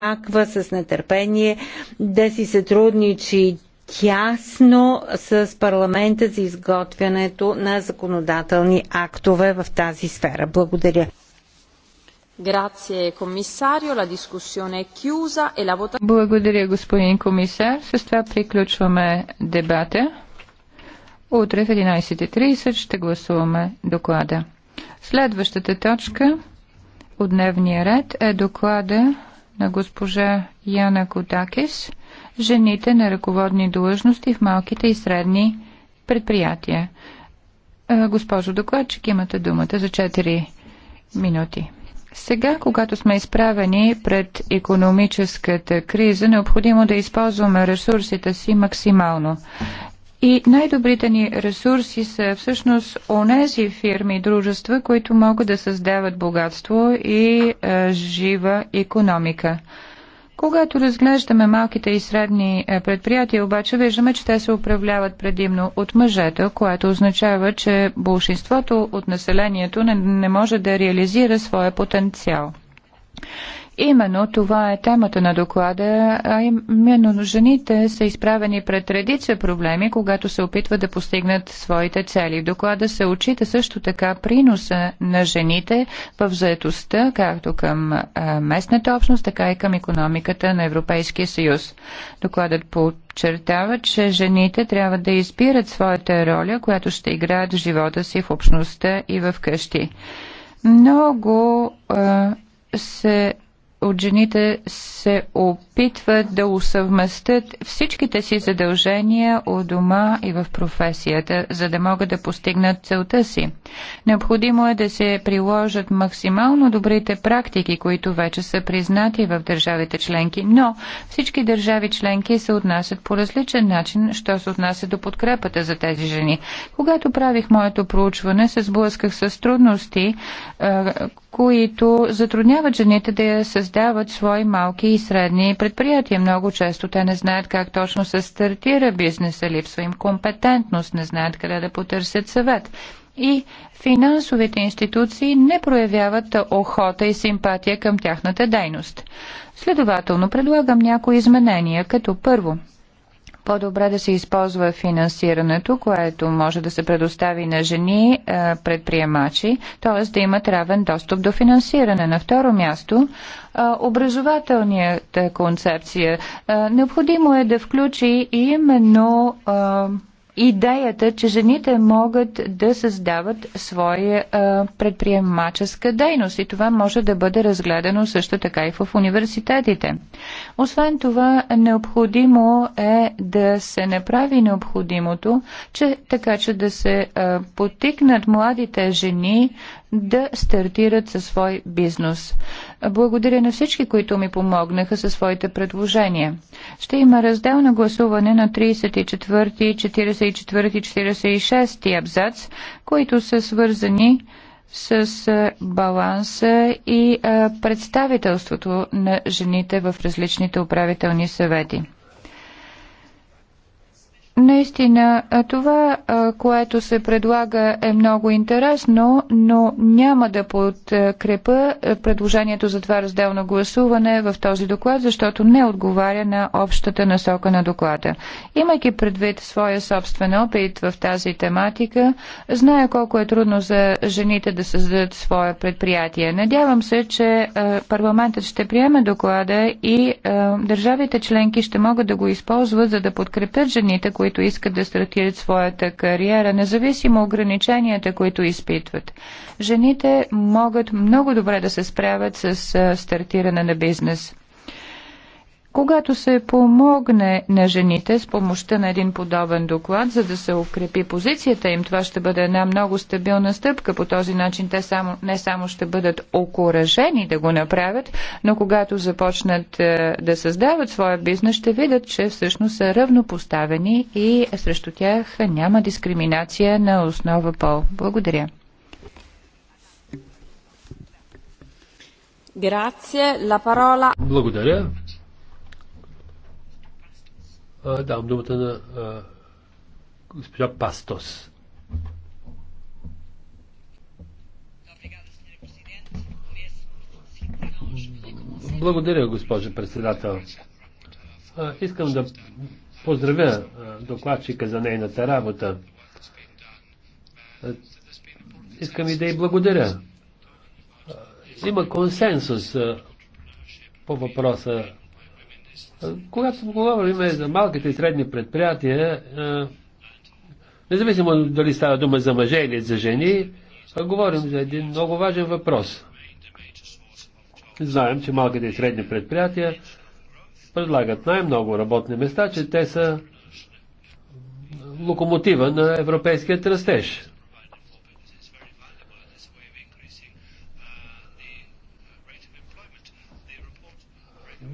очаква с нетърпение да си сътрудничи тясно с парламента за изготвянето на законодателни актове в тази сфера. Благодаря. E Благодаря, господин комисар. С това приключваме дебата. Утре в 11.30 ще гласуваме доклада. Следващата точка от дневния ред е доклада на госпожа Яна Кутакис, жените на ръководни длъжности в малките и средни предприятия. Госпожо докладчик, имате думата за 4 минути. Сега, когато сме изправени пред економическата криза, необходимо да използваме ресурсите си максимално. И най-добрите ни ресурси са всъщност онези фирми и дружества, които могат да създават богатство и е, жива економика. Когато разглеждаме малките и средни е, предприятия, обаче виждаме, че те се управляват предимно от мъжете, което означава, че большинството от населението не, не може да реализира своя потенциал. Именно това е темата на доклада, а именно жените са изправени пред редица проблеми, когато се опитват да постигнат своите цели. В доклада се очита също така приноса на жените в заетостта, както към местната общност, така и към економиката на Европейския съюз. Докладът по подчертава, че жените трябва да избират своята роля, която ще играят в живота си в общността и в къщи. Много а, се от жените се опитват да усъвместят всичките си задължения у дома и в професията, за да могат да постигнат целта си. Необходимо е да се приложат максимално добрите практики, които вече са признати в държавите членки, но всички държави членки се отнасят по различен начин, що се отнася до подкрепата за тези жени. Когато правих моето проучване, се сблъсках с трудности, които затрудняват жените да я създадат създават свои малки и средни предприятия. Много често те не знаят как точно се стартира бизнеса, липсва им компетентност, не знаят къде да потърсят съвет. И финансовите институции не проявяват охота и симпатия към тяхната дейност. Следователно предлагам някои изменения, като първо – по-добре да се използва финансирането, което може да се предостави на жени е, предприемачи, т.е. да имат равен достъп до финансиране. На второ място, е, образователният концепция. Е, необходимо е да включи именно идеята, че жените могат да създават своя а, предприемаческа дейност и това може да бъде разгледано също така и в университетите. Освен това, необходимо е да се направи необходимото, че така че да се а, потикнат младите жени да стартират със свой бизнес. Благодаря на всички, които ми помогнаха със своите предложения. Ще има разделно гласуване на 34, 44, 46 абзац, които са свързани с баланса и представителството на жените в различните управителни съвети. Наистина, това, което се предлага е много интересно, но няма да подкрепа предложението за това разделно гласуване в този доклад, защото не отговаря на общата насока на доклада. Имайки предвид своя собствен опит в тази тематика, зная колко е трудно за жените да създадат свое предприятие. Надявам се, че парламентът ще приеме доклада и държавите членки ще могат да го използват, за да подкрепят жените, които които искат да стартират своята кариера, независимо ограниченията, които изпитват. Жените могат много добре да се справят с стартиране на бизнес. Когато се помогне на жените с помощта на един подобен доклад, за да се укрепи позицията им, това ще бъде една много стабилна стъпка. По този начин те само, не само ще бъдат окоръжени да го направят, но когато започнат е, да създават своя бизнес, ще видят, че всъщност са равнопоставени и срещу тях няма дискриминация на основа пол. Благодаря. Благодаря. Давам думата на госпожа Пастос. Благодаря, госпожа председател. Искам да поздравя докладчика за нейната работа. Искам и да й благодаря. Има консенсус по въпроса когато говорим за малките и средни предприятия, независимо дали става дума за мъже или за жени, говорим за един много важен въпрос. Знаем, че малките и средни предприятия предлагат най-много работни места, че те са локомотива на европейския растеж.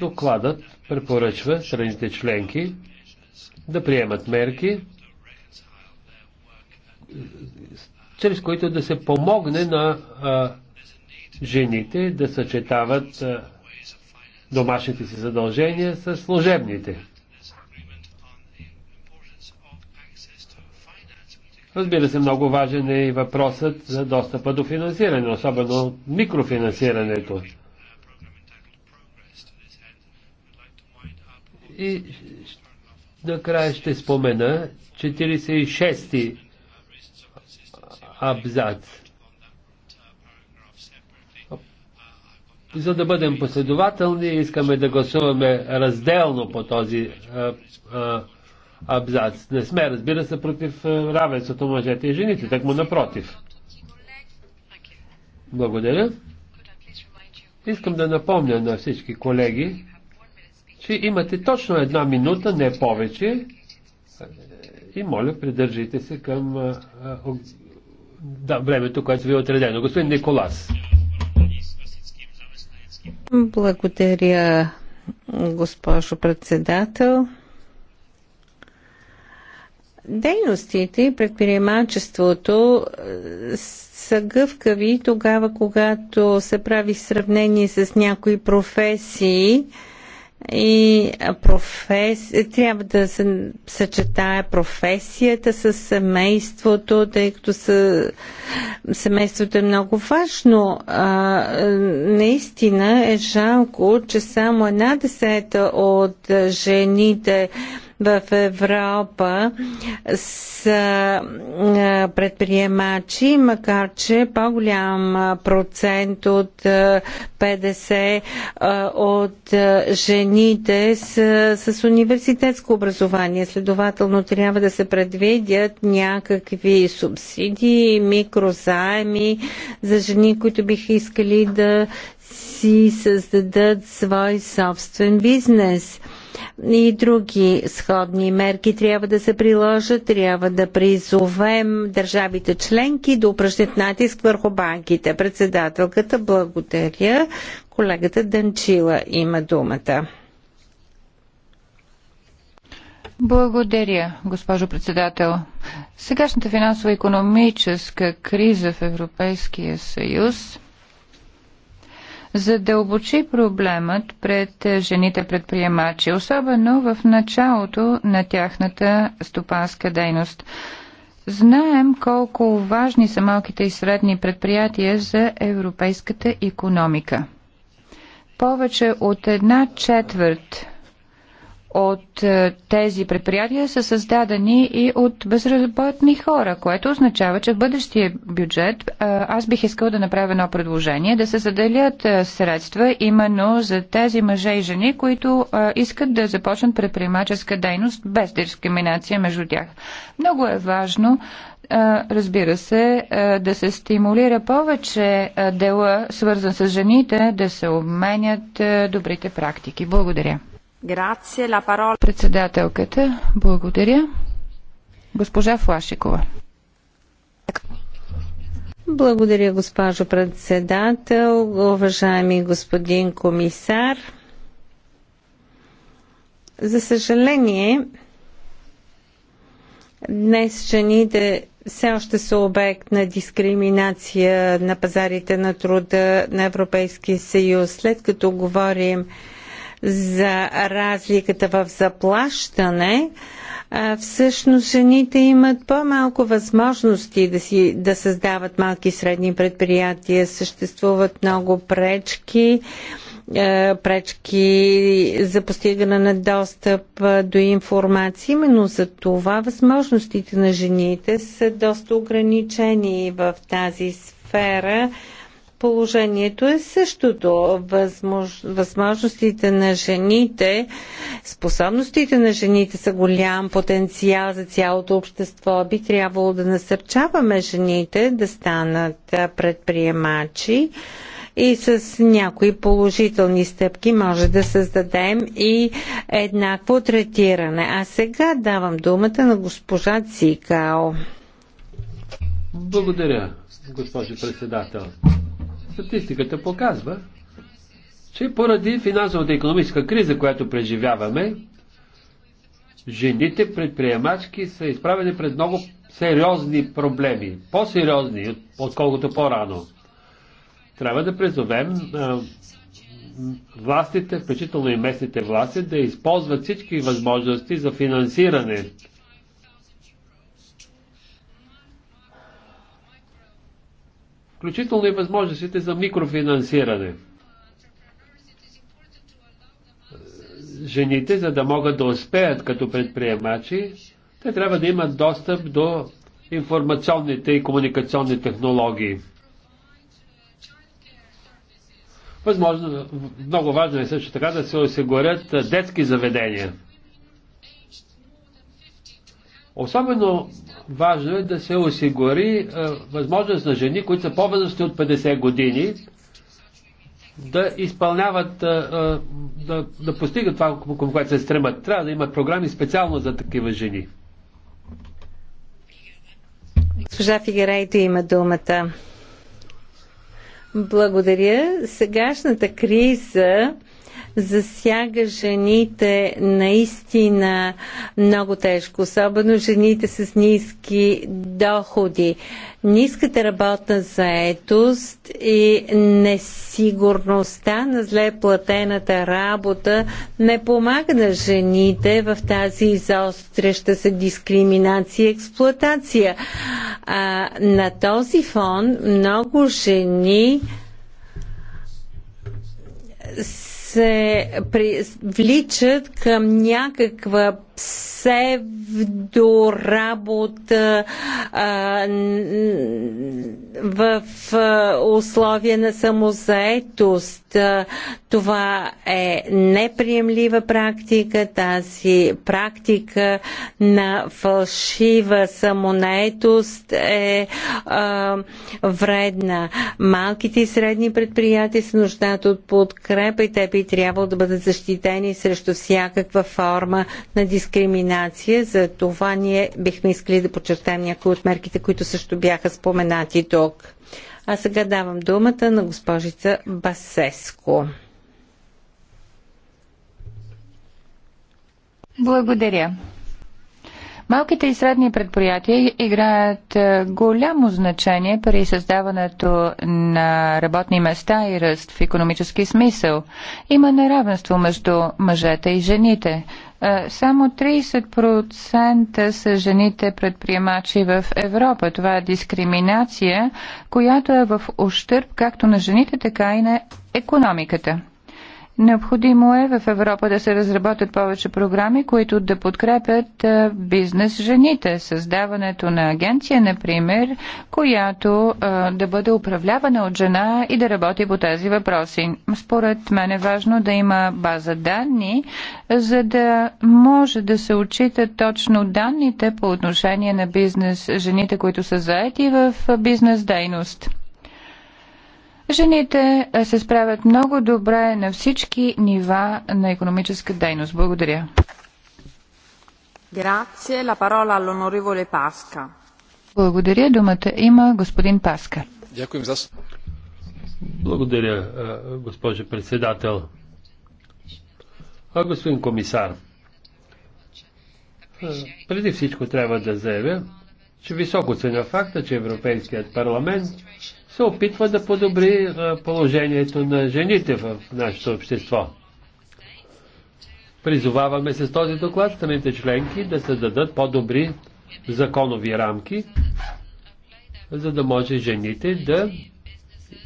Докладът препоръчва страните членки да приемат мерки, чрез които да се помогне на а, жените да съчетават а, домашните си задължения с служебните. Разбира се, много важен е и въпросът за достъпа до финансиране, особено микрофинансирането. И накрая ще спомена 46-ти абзац. За да бъдем последователни, искаме да гласуваме разделно по този а, а, абзац. Не сме, разбира се, против равенството мъжете и жените, так му напротив. Благодаря. Искам да напомня на всички колеги, че имате точно една минута, не повече. Е, и моля, придържите се към да, времето, което ви е отредено. Господин Николас. Благодаря, госпожо председател. Дейностите и предприемачеството е, са гъвкави тогава, когато се прави сравнение с някои професии, и професи... трябва да се съчетая професията с семейството, тъй като са... семейството е много важно. А, наистина е жалко, че само една десета от жените а, в Европа са предприемачи, макар че по-голям процент от 50 от жените са с университетско образование. Следователно трябва да се предвидят някакви субсидии, микрозаеми за жени, които биха искали да си създадат свой собствен бизнес и други сходни мерки трябва да се приложат. Трябва да призовем държавите членки да упражнят натиск върху банките. Председателката благодаря. Колегата Данчила има думата. Благодаря, госпожо председател. Сегашната финансово-економическа криза в Европейския съюз задълбочи да проблемът пред жените предприемачи, особено в началото на тяхната стопанска дейност. Знаем колко важни са малките и средни предприятия за европейската економика. Повече от една четвърт от е, тези предприятия са създадени и от безработни хора, което означава, че в бъдещия бюджет е, аз бих искал да направя едно предложение, да се заделят е, средства именно за тези мъже и жени, които искат да започнат предприемаческа дейност без дискриминация между тях. Много е важно разбира се, да се стимулира повече дела, свързан с жените, да се обменят добрите практики. Благодаря. Председателката, благодаря. Госпожа Флашикова. Благодаря, госпожо председател, уважаеми господин комисар. За съжаление, днес жените все още са обект на дискриминация на пазарите на труда на Европейския съюз. След като говорим за разликата в заплащане, всъщност жените имат по-малко възможности да, си, да създават малки и средни предприятия. Съществуват много пречки пречки за постигане на достъп до информация. Именно за това възможностите на жените са доста ограничени в тази сфера. Положението е същото. Възмож... Възможностите на жените, способностите на жените са голям потенциал за цялото общество. Би трябвало да насърчаваме жените да станат предприемачи и с някои положителни стъпки може да създадем и еднакво третиране. А сега давам думата на госпожа Цикао. Благодаря, госпожи председател. Статистиката показва, че поради финансовата и економическа криза, която преживяваме, жените предприемачки са изправени пред много сериозни проблеми, по-сериозни, отколкото по-рано. Трябва да призовем а, властите, включително и местните власти, да използват всички възможности за финансиране включително и възможностите за микрофинансиране. Жените, за да могат да успеят като предприемачи, те трябва да имат достъп до информационните и комуникационни технологии. Възможно, много важно е също така да се осигурят детски заведения. Особено важно е да се осигури е, възможност на жени, които са по-възрастни от 50 години, да изпълняват, е, е, да, да постигат това, към което се стремат. Трябва да имат програми специално за такива жени. Госпожа Фигерейто има думата. Благодаря. Сегашната криза засяга жените наистина много тежко, особено жените с ниски доходи. Ниската работна заетост и несигурността на зле платената работа не помага на жените в тази изостряща се дискриминация и експлуатация. А, на този фон много жени се вличат към някаква псевдоработа в условия на самозаетост. Това е неприемлива практика, тази практика на фалшива самонаетост е а, вредна. Малките и средни предприятия се нуждаят от подкрепа и те би трябвало да бъдат защитени срещу всякаква форма на дискриминация дискриминация. За това ние бихме искали да подчертаем някои от мерките, които също бяха споменати тук. А сега давам думата на госпожица Басеско. Благодаря. Малките и средни предприятия играят е, голямо значение при създаването на работни места и ръст в економически смисъл. Има неравенство между мъжете и жените. Е, само 30% са жените предприемачи в Европа. Това е дискриминация, която е в ущърп както на жените, така и на економиката. Необходимо е в Европа да се разработят повече програми, които да подкрепят бизнес жените. Създаването на агенция, например, която да бъде управлявана от жена и да работи по тези въпроси. Според мен е важно да има база данни, за да може да се отчитат точно данните по отношение на бизнес жените, които са заети в бизнес дейност. Жените е, се справят много добре на всички нива на економическа дейност. Благодаря. Благодаря. Думата има господин Паска. Благодаря, е, госпожа председател. А господин комисар, е, преди всичко трябва да заявя, че високо ценя факта, че Европейският парламент се опитва да подобри е, положението на жените в нашето общество. Призоваваме с този доклад страните членки да се дадат по-добри законови рамки, за да може жените да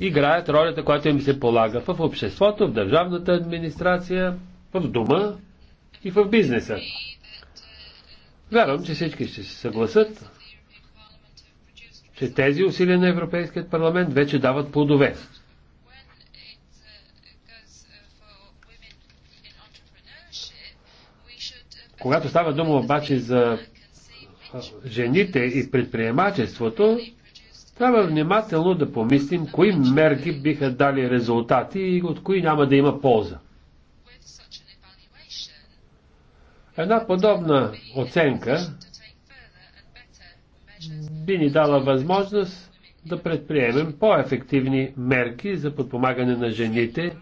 играят ролята, която им се полага в обществото, в държавната администрация, в дома и в бизнеса. Вярвам, че всички ще се съгласат, че тези усилия на Европейският парламент вече дават плодове. Когато става дума обаче за жените и предприемачеството, трябва внимателно да помислим кои мерки биха дали резултати и от кои няма да има полза. Една подобна оценка би ни дала възможност да предприемем по-ефективни мерки за подпомагане на жените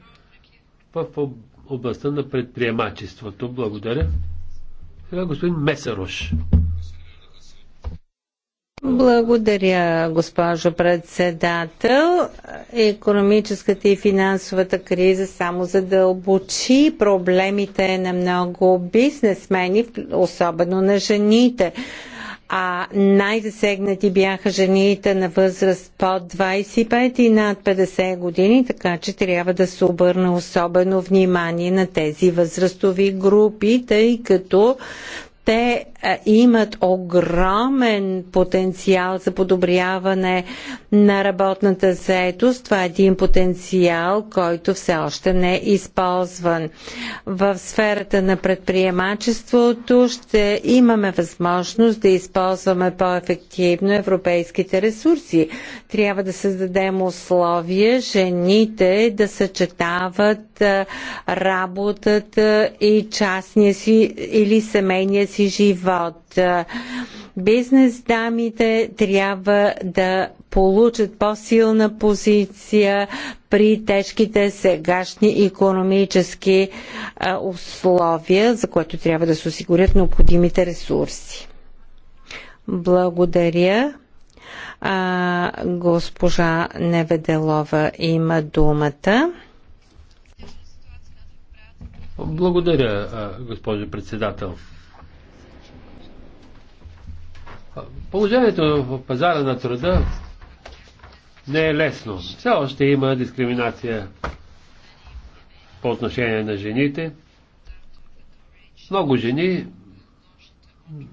в областта на предприемачеството. Благодаря. Сега господин Месарош. Благодаря, госпожо председател. Економическата и финансовата криза само задълбочи проблемите на много бизнесмени, особено на жените а най-засегнати бяха жените на възраст под 25 и над 50 години, така че трябва да се обърне особено внимание на тези възрастови групи, тъй като те е, имат огромен потенциал за подобряване на работната заетост. Това е един потенциал, който все още не е използван. В сферата на предприемачеството ще имаме възможност да използваме по-ефективно европейските ресурси. Трябва да създадем условия жените да съчетават е, работата и частния си или семейния си живот живот. Бизнес дамите трябва да получат по-силна позиция при тежките сегашни економически условия, за което трябва да се осигурят необходимите ресурси. Благодаря. А, госпожа Неведелова има думата. Благодаря, госпожо председател. Положението в пазара на труда не е лесно. Все още има дискриминация по отношение на жените. Много жени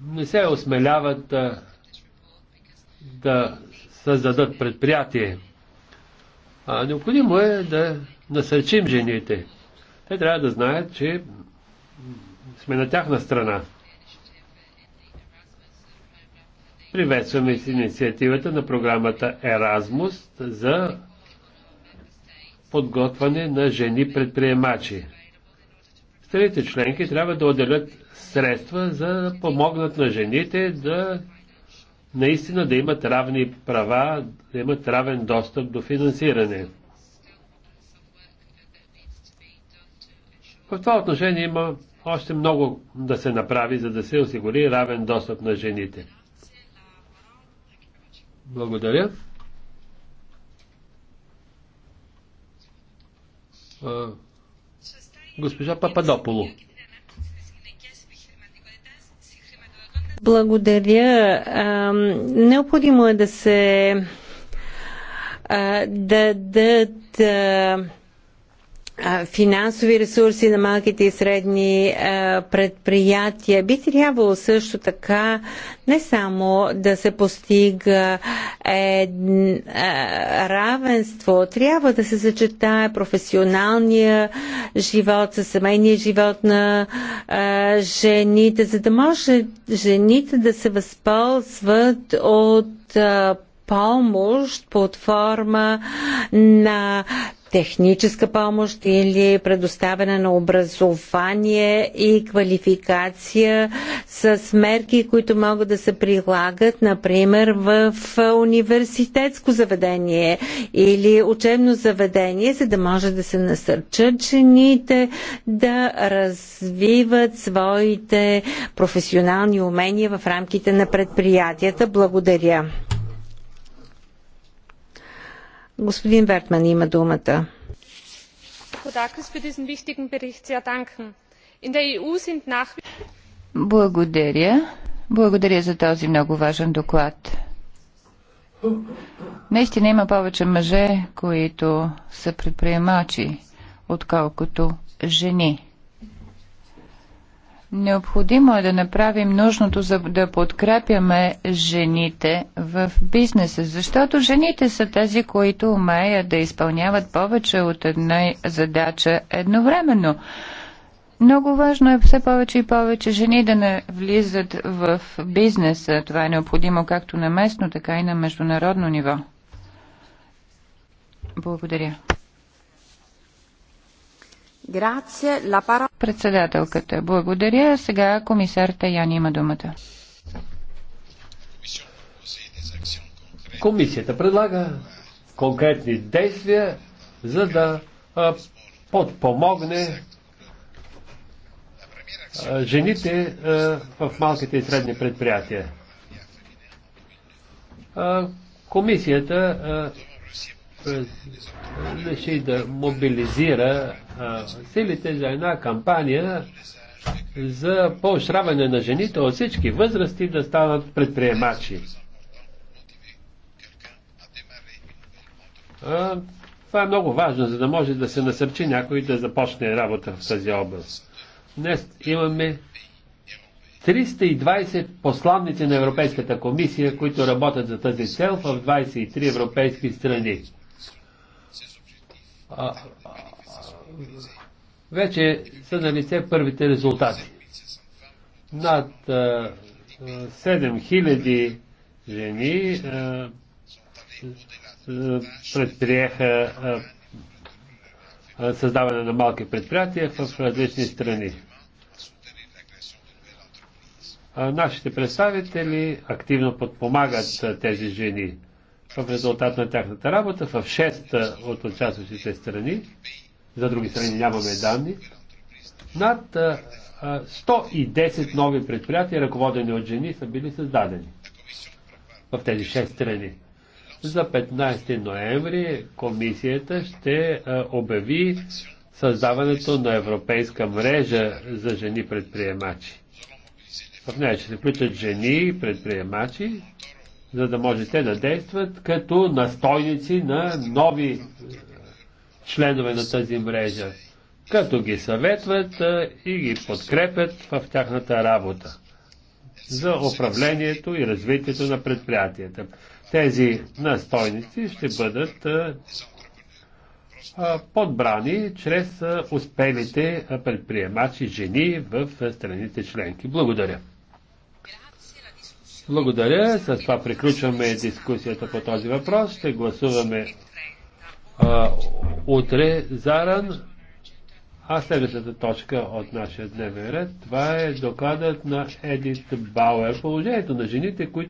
не се осмеляват да, да създадат предприятие. А необходимо е да насърчим жените. Те трябва да знаят, че сме на тяхна страна. Приветстваме с инициативата на програмата Еразмус за подготвяне на жени предприемачи. Страните членки трябва да отделят средства за да помогнат на жените да наистина да имат равни права, да имат равен достъп до финансиране. В това отношение има още много да се направи, за да се осигури равен достъп на жените. Благодаря. Госпожа Пападополо. Благодаря. Необходимо е да се да да финансови ресурси на малките и средни предприятия. Би трябвало също така не само да се постига е, равенство, трябва да се съчетае професионалния живот със семейния живот на е, жените, за да може жените да се възползват от е, помощ под форма на техническа помощ или предоставяне на образование и квалификация с мерки, които могат да се прилагат, например, в университетско заведение или учебно заведение, за да може да се насърчат жените да развиват своите професионални умения в рамките на предприятията. Благодаря. Господин Вертман има думата. Благодаря. Благодаря за този много важен доклад. Наистина има повече мъже, които са предприемачи, отколкото жени. Необходимо е да направим нужното за да подкрепяме жените в бизнеса, защото жените са тези, които умеят да изпълняват повече от една задача едновременно. Много важно е все повече и повече жени да не влизат в бизнеса. Това е необходимо както на местно, така и на международно ниво. Благодаря. Председателката, благодаря. Сега комисар Таян има думата. Комисията предлага конкретни действия, за да а, подпомогне а, жените а, в малките и средни предприятия. Комисията реши да мобилизира силите за една кампания за поощряване на жените от всички възрасти да станат предприемачи. А, това е много важно, за да може да се насърчи някой да започне работа в тази област. Днес имаме 320 посланници на Европейската комисия, които работят за тази цел в 23 европейски страни а, а, вече са на лице първите резултати. Над а, 7000 жени а, предприеха а, създаване на малки предприятия в различни страни. А, нашите представители активно подпомагат тези жени в резултат на тяхната работа в 6 от участващите страни, за други страни нямаме данни, над 110 нови предприятия, ръководени от жени, са били създадени в тези 6 страни. За 15 ноември комисията ще обяви създаването на европейска мрежа за жени предприемачи. В нея ще се включат жени предприемачи, за да може те да действат като настойници на нови членове на тази мрежа, като ги съветват и ги подкрепят в тяхната работа за управлението и развитието на предприятията. Тези настойници ще бъдат подбрани чрез успелите предприемачи жени в страните членки. Благодаря. Благодаря. С това приключваме дискусията по този въпрос. Ще гласуваме а, утре заран. А следващата точка от нашия дневен ред, това е докладът на Едит Бауер. Положението на жените, които